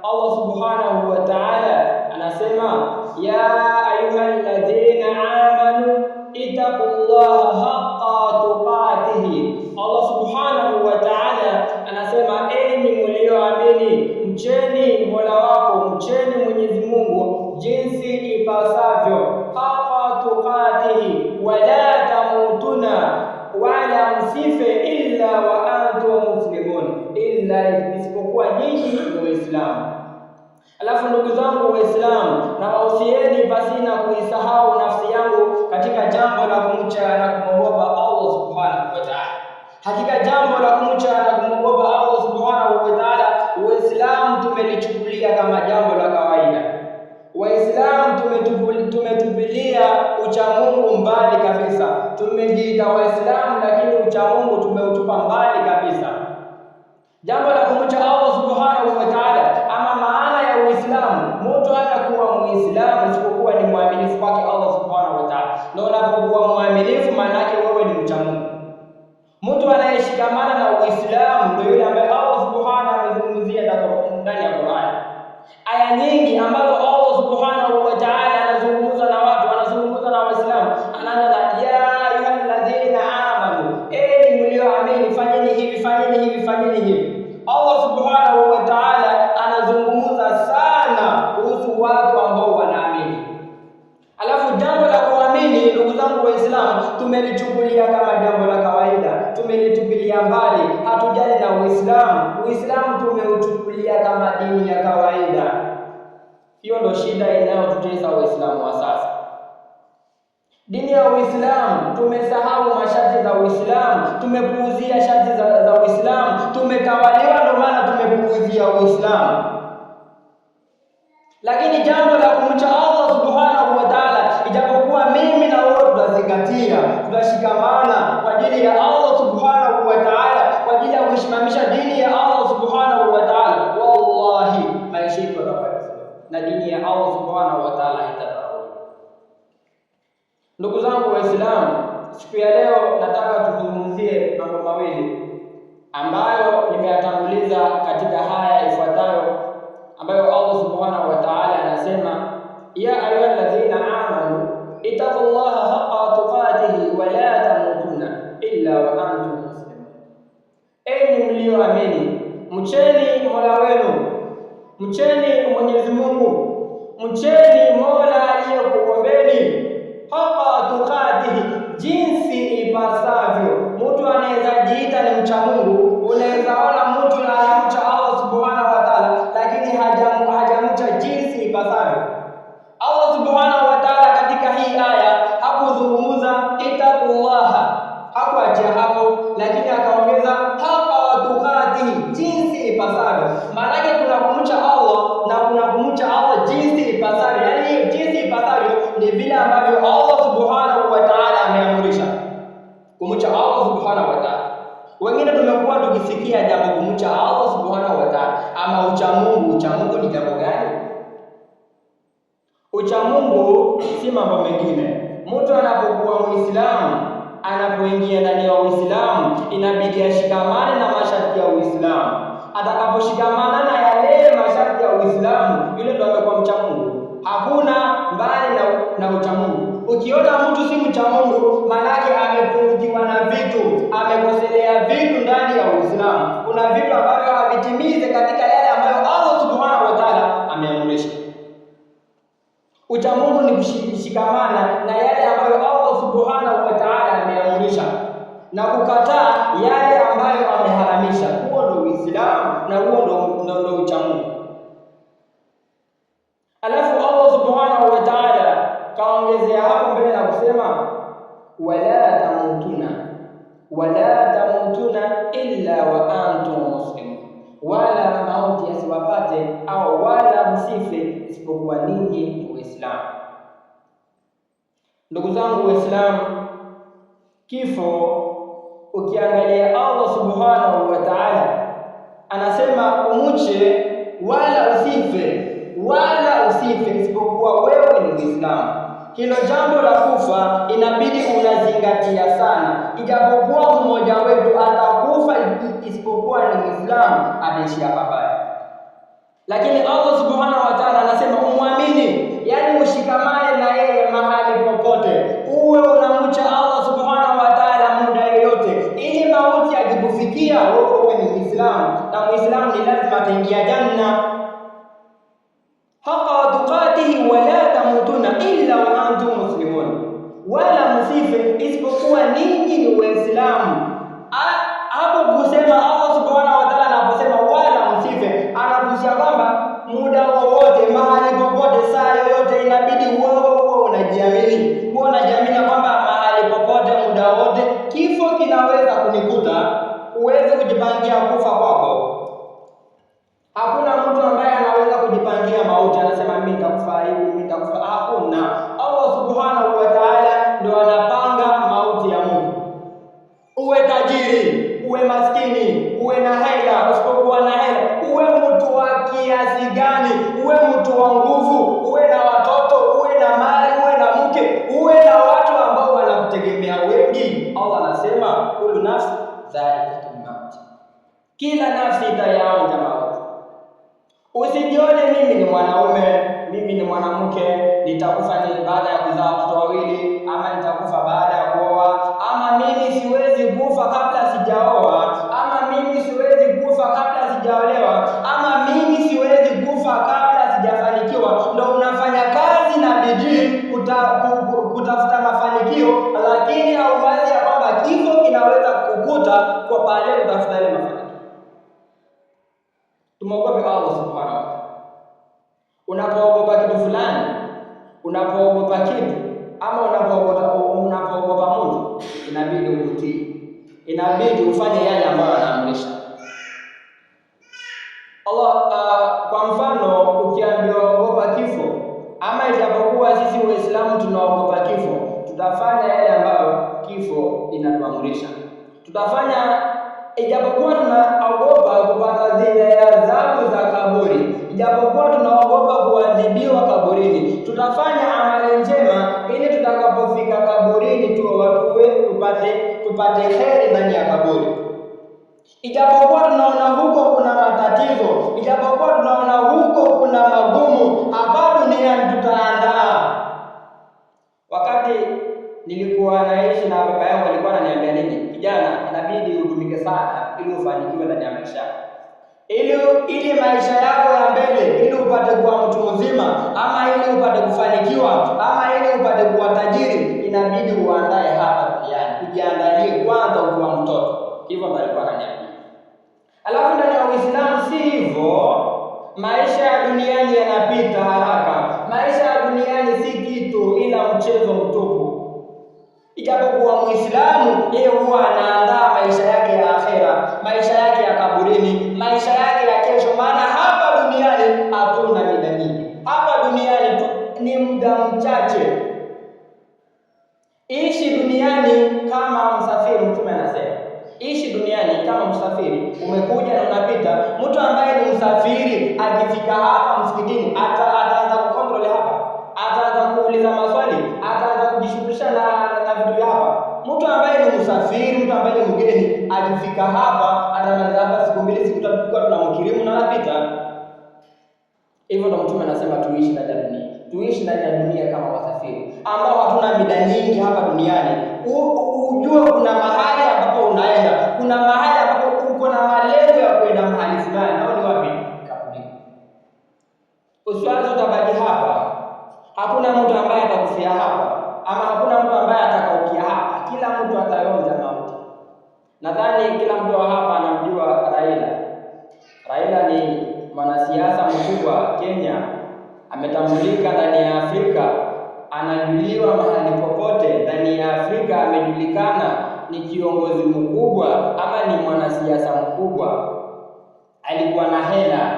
Allah subhanahu wa ta'ala anasema ya ayuha alladhina amanu ittaqullaha conhecerão, na tunashikamana kwa ajili ya Allah subhanahu wa ta'ala, kwa ajili ya kuisimamisha dini ya Allah subhanahu wa ta'ala, wallahi maisha yetu na dini ya Allah subhanahu wa ta'ala itakuwa. Ndugu zangu Waislamu, siku ya leo nataka tuzungumzie mambo mawili ambayo nimeyatanguliza katika haya ifuatayo ambayo Allah subhanahu wa ta'ala anasema ya ayyuhalladhina amanu ittaqullaha illa wa antum muslimun, enyi mlioamini, mcheni mola wenu, mcheni Mwenyezi uchamungu. Uchamungu ni jambo gani? Uchamungu si mambo mengine. Mtu anapokuwa Muislamu, anapoingia ndani ya Uislamu, inabidi ashikamane na masharti ya Uislamu. Atakaposhikamana na yale masharti ya Uislamu, yule ndo amekuwa mchamungu. Hakuna mbali na, na uchamungu. Ukiona mtu si mchamungu, maanake amepungukiwa na vitu, amekoselea vitu ndani ya Uislamu. Kuna vitu ambavyo havitimize katika ameamrisha. Uchamungu ni kushikamana na yale ambayo Allah subhanahu wa ta'ala ameamrisha na kukataa yale ambayo ameharamisha. Huo ndio Uislamu na huo ndio uchamungu. Alafu Allah subhanahu wa ta'ala kaongezea hapo mbele na kusema wala tamutuna wala tamutuna illa wa antum wala mauti asiwapate au wala msife isipokuwa ninyi Waislamu. Ndugu zangu Waislamu, kifo ukiangalia, Allah subhanahu wa ta'ala anasema umuche wala usife, wala usife isipokuwa wewe ni Muislamu. Hilo jambo la kufa inabidi unazingatia sana, ijapokuwa mmoja wetu atakufa isipokuwa Muislamu anaishia pabaya, lakini Allah subhanahu Usijione mimi ni mwanaume, mimi ni mwanamke, nitakufa ni baada ya kuzaa watoto wawili, ama nitakufa baada ya kuoa, ama mimi siwezi kufa kabla sijaoa, ama mimi siwezi kufa kabla sijaolewa, ama mimi siwezi kufa kabla sijafanikiwa. Ndio unafanya kazi na bidii kuta, kutafuta mafanikio, lakini hauwazi ya kwamba kifo kinaweza kukuta kwa pale kutafuta ile mafanikio. Tumeogope Allah Unapoogopa kitu fulani, unapoogopa kitu ama unapoogopa mtu, inabidi umtii, inabidi ufanye yale ambayo sana ili ufanikiwe ndani ya maisha yako, ili ili maisha yako ya mbele, ili upate kuwa mtu mzima, ama ili upate kufanikiwa, ama ili upate kuwa tajiri, inabidi uandae hapa duniani, ujiandalie kwanza ukiwa mtoto. Hivyo ndio alikuwa ananiambia. Alafu ndani ya Uislamu si hivyo. Maisha ya duniani yanapita haraka, maisha ya duniani si kitu ila mchezo mtupu. Ijapokuwa Muislamu yeye huwa anaandaa maisha yake ya akhera, maisha yake ya kaburini, maisha yake ya kesho. Maana hapa duniani hatuna mida hapa duniani tu ni muda mchache. Ishi duniani kama msafiri, Mtume anasema ishi duniani kama msafiri. Umekuja na unapita. Mtu ambaye ni msafiri akifika hapa msikitini ataanza kukontrol hapa, ataanza kuuliza maswali, ataanza kujishughulisha na mtu ambaye ni msafiri, mtu ambaye ni mgeni akifika hapa atamaliza hapa siku mbili siku tatu, tukiwa tunamkirimu na napita hivyo. Ndo Mtume anasema tuishi ndani ya dunia, tuishi ndani ya dunia kama wasafiri ambao hatuna mida nyingi hapa duniani. Ujue kuna mahali ambapo unaenda, kuna mahali ambapo uko na malengo ya kuenda mahali fulani, nao ni wapi? Kaburi. Usiwazi utabaki hapa, hakuna mtu ambaye atakufia hapa ama hakuna mtu ambaye atakaukia hapa, kila mtu ataonja mauti. Nadhani kila mtu wa hapa anamjua Raila. Raila ni mwanasiasa mkubwa Kenya, ametambulika ndani ya Afrika, anajuliwa mahali popote ndani ya Afrika, amejulikana ni kiongozi mkubwa ama ni mwanasiasa mkubwa. Alikuwa na hela,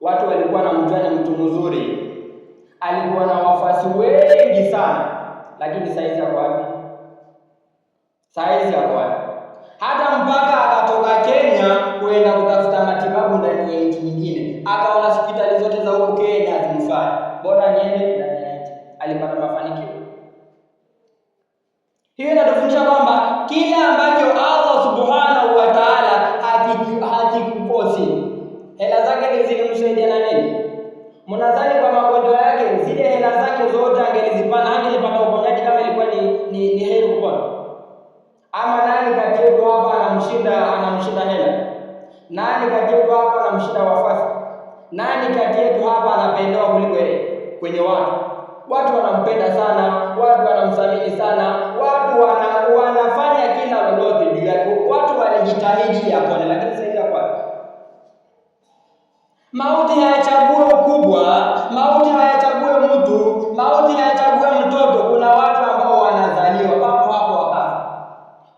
watu walikuwa na ni mtu mzuri, alikuwa na wafasi wengi sana lakini saizi yako wapi? Saizi yako wapi? hata mpaka jitahidi yapone, lakini saizi yapone. Mauti hayachague ukubwa, mauti hayachague mtu, mauti hayachague mtoto. Kuna watu ambao wanazaliwa papo hapo wakafa.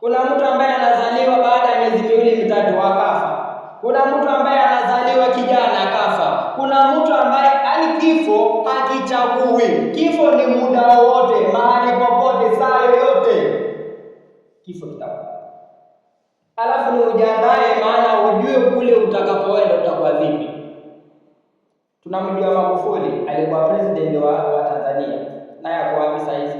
Kuna mtu ambaye anazaliwa baada ya miezi miwili mitatu akafa. Kuna mtu ambaye anazaliwa kijana akafa. Kuna mtu ambaye, yaani kifo hakichagui, kifo ni muda alikuwa president wa, wa Tanzania naye ako wapi sasa hizi?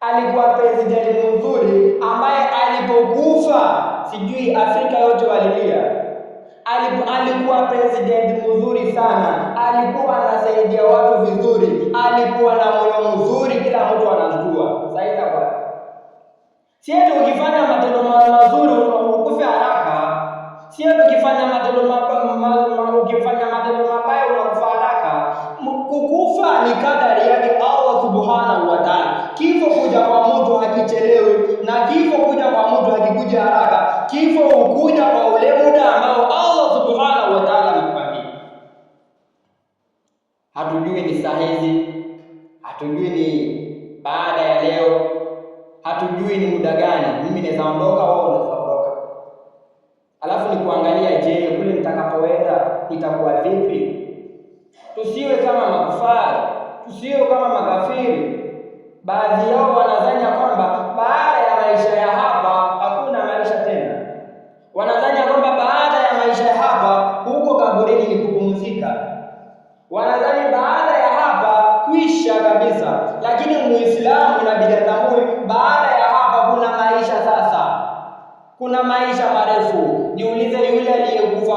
Alikuwa president mzuri ambaye alipokufa sijui Afrika yote walilia. Alikuwa president mzuri sana, alikuwa anasaidia watu vizuri, alikuwa na moyo mzuri, kila mtu anamjua. Sasa hivi sieti, ukifanya matendo mazuri ukufe haraka, sieti ukifanya matendo ukifanya kufa ni kadari yake Allah subhanahu wa ta'ala. Kifo kuja kwa mtu hakichelewi, na kifo kuja kwa mtu hakikuja haraka. Kifo hukuja kwa ule muda ambao Allah subhanahu wa ta'ala amekupangia. Hatujui ni saa hizi, hatujui ni baada ya leo, hatujui ni muda gani. Mimi naweza ondoka, wao wanaweza ondoka, alafu ni kuangalia, je, kule nitakapoenda itakuwa vipi? Tusiwe kama makufari, tusiwe kama makafiri Baadhi yao wanadhani kwamba baada ya maisha ya hapa hakuna maisha tena, wanadhani kwamba baada ya maisha ya hapa huko kaburini ni kupumzika, wanadhani baada ya hapa kuisha kabisa. Lakini Muislamu inabidi atambue baada ya hapa kuna maisha sasa, kuna maisha marefu. Niulize yule aliyekufa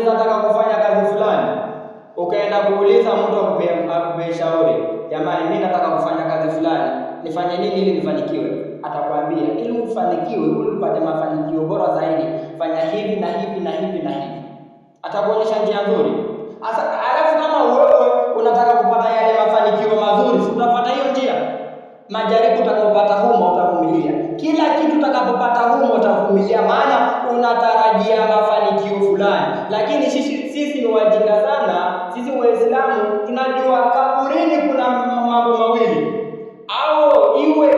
uliza nataka kufanya kazi fulani, ukaenda kuuliza mtu akupe shauri, jamani, mimi nataka kufanya kazi fulani, nifanye nini ili nifanikiwe? Atakwambia ili ufanikiwe, ili upate mafanikio bora zaidi, fanya hivi na hivi na hivi na hivi. Atakuonyesha njia nzuri. alafu kama Waislamu tunajua kaburini kuna mambo mawili, au iwe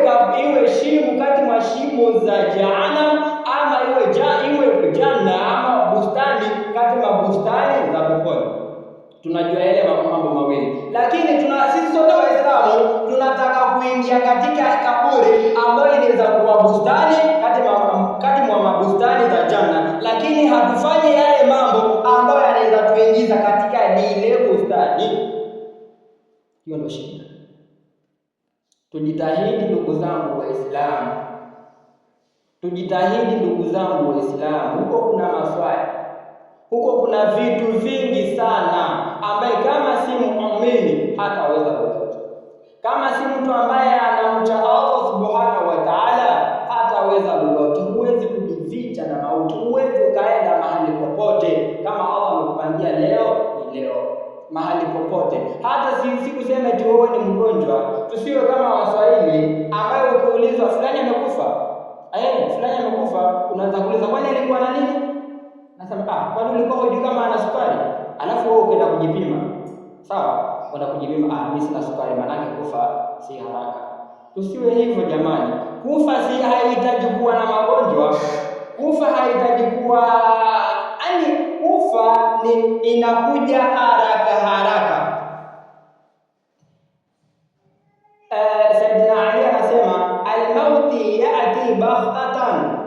iwe shimo kati mwa shimo za Jahannam, ama iwe ja, iwe janna ama bustani kati mwa bustani za peponi. Tunajua ile mambo mawili, lakini tuna sisi sote Waislamu tunataka kuingia katika kaburi ambayo inaweza kuwa bustani kati mwa kati mwa mabustani za janna, lakini hatufanye yale mambo ambayo yanaweza tuingiza katika lile uhitaji. Hiyo ndio shida. Tujitahidi ndugu zangu Waislamu, tujitahidi ndugu zangu Waislamu. Huko kuna maswali, huko kuna vitu vingi sana ambaye kama si muumini hataweza kupata, kama si mtu ambaye anamcha Allah subhanahu wa taala hataweza lolote. Huwezi kujificha na mauti. mahali popote. Hata sikuseme tu wewe ni mgonjwa, tusiwe kama Waswahili ambayo ukiulizwa fulani amekufa, eh, fulani amekufa, unaanza kuuliza kwani alikuwa na nini? Nasema ah, kwani ulikuwa hujui kama ana sukari? Alafu wewe ukaenda kujipima, sawa? kwenda kujipima, ah, mimi sina sukari, maanake kufa si haraka. Tusiwe hivyo jamani, kufa si haihitaji kuwa na magonjwa, kufa haihitaji kuwa ani kufa ni inakuja haraka haraka. Eh, Saidina Ali anasema almauti yati baghtatan,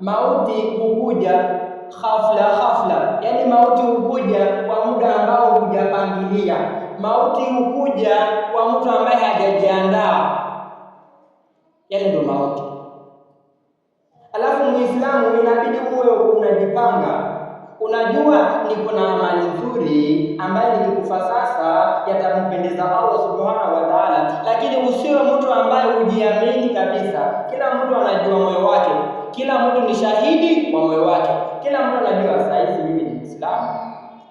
mauti hukuja ghafla ghafla, yani mauti hukuja kwa muda ambao hujapangilia. Mauti hukuja kwa mtu ambaye hajajiandaa, yani ndio mauti. Alafu muislamu inabidi uwe unajipanga Unajua niko na amali nzuri ambayo nikikufa sasa yatampendeza Allah subhanahu wa taala, lakini usiwe mtu ambaye hujiamini kabisa. Kila mtu anajua moyo wake, kila mtu ni shahidi wa moyo wake, kila mtu anajua saa hizi mimi ni Muislamu,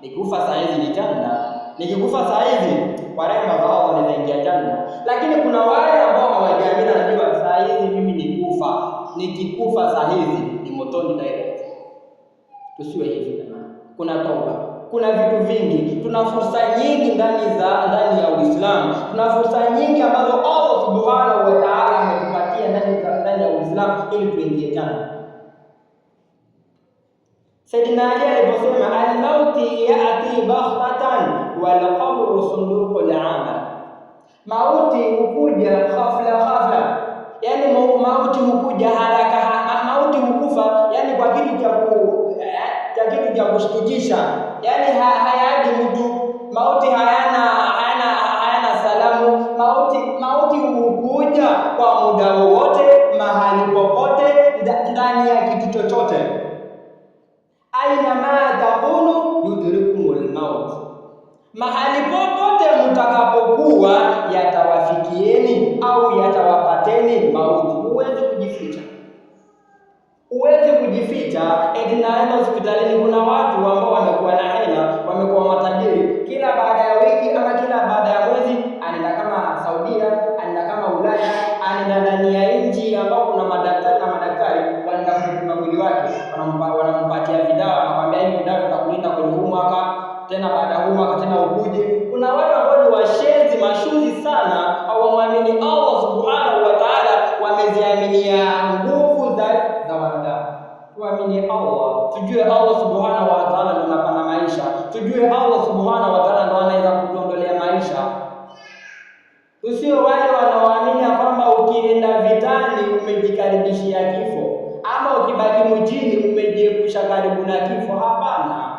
nikufa saa hizi ni janna, nikikufa saa hizi kwa rehema za Allah nitaingia janna. Lakini kuna wale ambao hawajiamini, anajua saa hizi mimi nikufa, nikikufa saa hizi ni motoni Tusiwe hivi jamani, kuna toba kuna vitu vingi, tuna fursa nyingi ndani za ndani ya Uislamu, tuna fursa nyingi ambazo Allah subhanahu wa ta'ala ametupatia ndani ya Uislamu ili tuingie jana. Saidina Ali aliposema almauti yati baghtatan wal qabru sunduqul amal, mauti hukuja ghafla ghafla, yani mauti hukuja haraka, mauti hukufa yani kwa kitu cha cha kitu cha kushtukisha, yaani hayaadi mtu mauti, hayana hayana hayana salamu. Mauti mauti hukuja kwa muda wowote, mahali popote, ndani ya kitu chochote. aina ma takunu yudrikumul maut, mahali popote mtakapokuwa, yatawafikieni au yatawapateni mauti. Huwezi kujificha eti naenda hospitalini. Kuna watu ambao wamekuwa na hela, wamekuwa matajiri, kila baada ya wiki ama kila baada ya mwezi anaenda kama Saudia, anaenda kama Ulaya, anaenda ndani ya nchi ambao kuna madaktari na madaktari wanaenda kupima mwili wake, wanampatia vidawa, anakwambia hivi vidawa vitakulinda kwenye huu mwaka, tena baada ya huu mwaka tena ukuje. Kuna watu ambao ni washenzi mashuhuri sana, hawamwamini tumjue Allah subhanahu wa taala ndo anapanga maisha, tujue Allah subhanahu wa taala ndo anaweza kutuondolea maisha. Usio wale wanaoamini kwamba ukienda vitani umejikaribishia kifo, ama ukibaki mjini umejiepusha karibu na kifo. Hapana,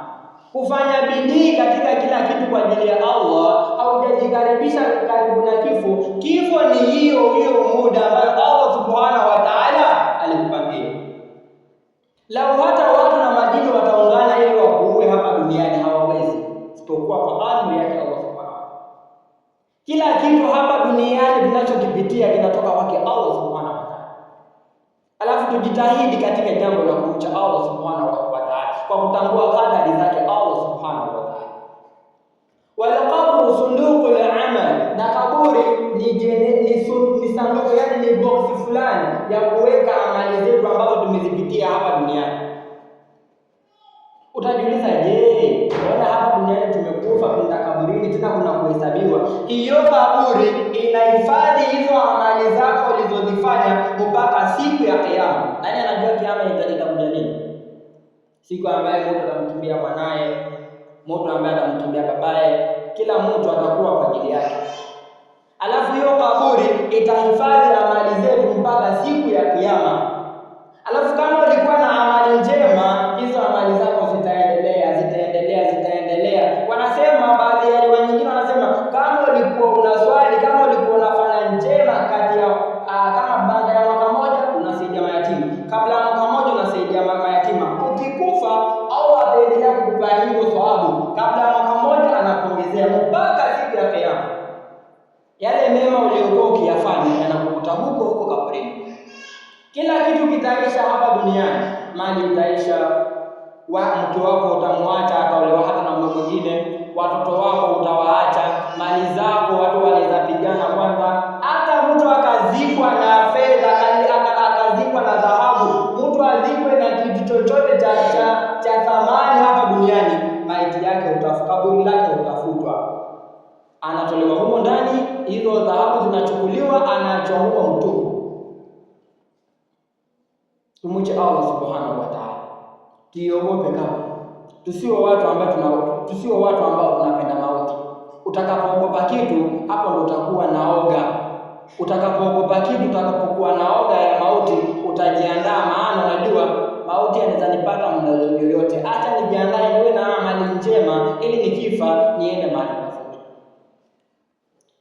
kufanya bidii katika kila kitu kwa ajili ya Allah, haujajikaribisha karibu na kifo. Kifo ni hiyo hiyo muda ambayo Allah subhanahu wa taala Kila kitu hapa duniani tunachokipitia kinatoka kwake Allah subhanahu wa ta'ala. Alafu tujitahidi katika jambo la kumcha Allah subhanahu wa ta'ala kwa kutambua kadari zake Allah subhanahu wa ta'ala. Wal qabru sunduqul amal, na kaburi ni ni sanduku, yani ni box fulani ya kuweka amali zetu ambazo tumezipitia hapa duniani. Utajiuliza, je, mbona hapa duniani tumekufa kaburini, tena kuna kuhesabiwa. Hiyo kaburi inahifadhi hizo amali zako ulizozifanya mpaka siku ya Kiyama. Nani anajua Kiyama itakuja nini? Siku ambayo mtu atamkimbia mwanaye, mtu ambaye atamkimbia babaye, kila mtu atakuwa kwa ajili yake. Alafu hiyo kaburi itahifadhi amali zetu mpaka siku ya Kiyama. Alafu kama ulikuwa na amali njema, hizo amali zako zitaendelea, zitaendelea, zitaendelea. Wanasema baadhi kuna swali kama ulikuwa unafanya njema kati ya ah, kama baada ya mwaka mmoja unasaidia mayatima, kabla ya mwaka mmoja unasaidia mayatima, ukikufa au ataendelea kukupa hiyo thawabu. Kabla ya mwaka mmoja anakuongezea mpaka siku ya Kiyama. Yale mema uliokuwa ukiyafanya yanakukuta huko huko kaburini. Kila kitu kitaisha hapa duniani, mali itaisha wa mke wako utamwacha, ataolewa hata na mwingine. Watoto wako utawaacha, mali zao vijana kwanza, hata mtu akazikwa na fedha akazikwa na dhahabu, mtu azikwe na kitu chochote cha cha cha thamani hapa duniani, maiti yake kaburi lake utafutwa, anatolewa humo ndani, hizo dhahabu zinachukuliwa, anaachwa huko mtu Tumwiche Allah subhanahu wa ta'ala, tuiogope tunao tusiwe watu ambao tunapenda Utakapoogopa kitu, hapo ndo utakuwa naoga. Utakapoogopa kitu, utakapokuwa naoga ya mauti, utajiandaa, maana unajua mauti yanaweza nipata muda yoyote. Hata nijiandae niwe na amali njema, ili nikifa niende mahali pazuri.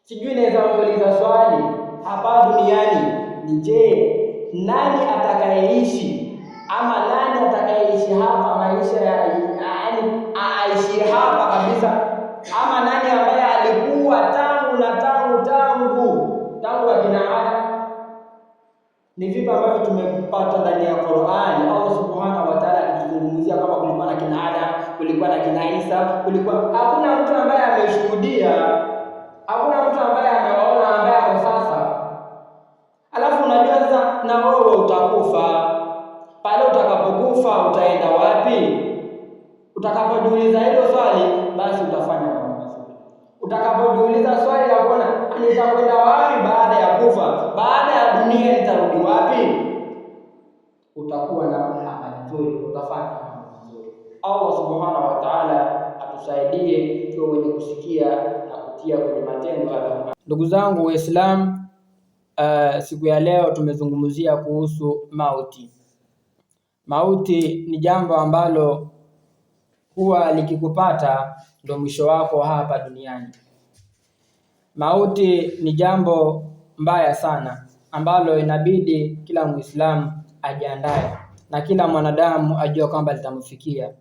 Sijui naweza kuuliza swali hapa duniani ni je, nani atakayeishi ama nani atakayeishi hapa maisha ya yaani aishi hapa kabisa ama nani ambaye alikuwa tangu na tangu tangu tangu akina Adam? Ni vipi ambavyo tumepata ndani ya Qur'an Allah subhanahu wa ta'ala akituzungumzia kama kulikuwa na kina Adam, kulikuwa na kina Isa, kulikuwa hakuna mtu ambaye ameshuhudia, hakuna mtu ambaye amewaona ambaye ako sasa. Alafu unajua sasa na wewe utakufa pale, utakapokufa utaenda wapi? Utakapojiuliza hilo swali Ndugu zangu Waislamu, uh, eh, siku ya leo tumezungumzia kuhusu mauti. Mauti ni jambo ambalo huwa likikupata ndo mwisho wako hapa duniani. Mauti ni jambo mbaya sana ambalo inabidi kila Muislamu ajiandae na kila mwanadamu ajue kwamba litamfikia,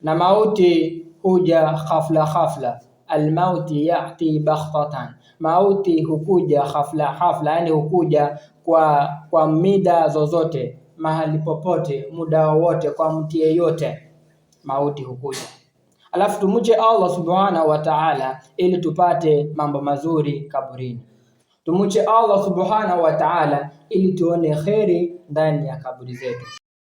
na mauti huja ghafla ghafla almauti yati bakhtatan, mauti hukuja hafla hafla, yani hukuja kwa kwa mida zozote, mahali popote, muda wowote, kwa mtu yeyote, mauti hukuja. Alafu tumuche Allah subhanahu wa ta'ala ili tupate mambo mazuri kaburini. tumuche Allah subhanahu wa ta'ala ili tuone kheri ndani ya kaburi zetu.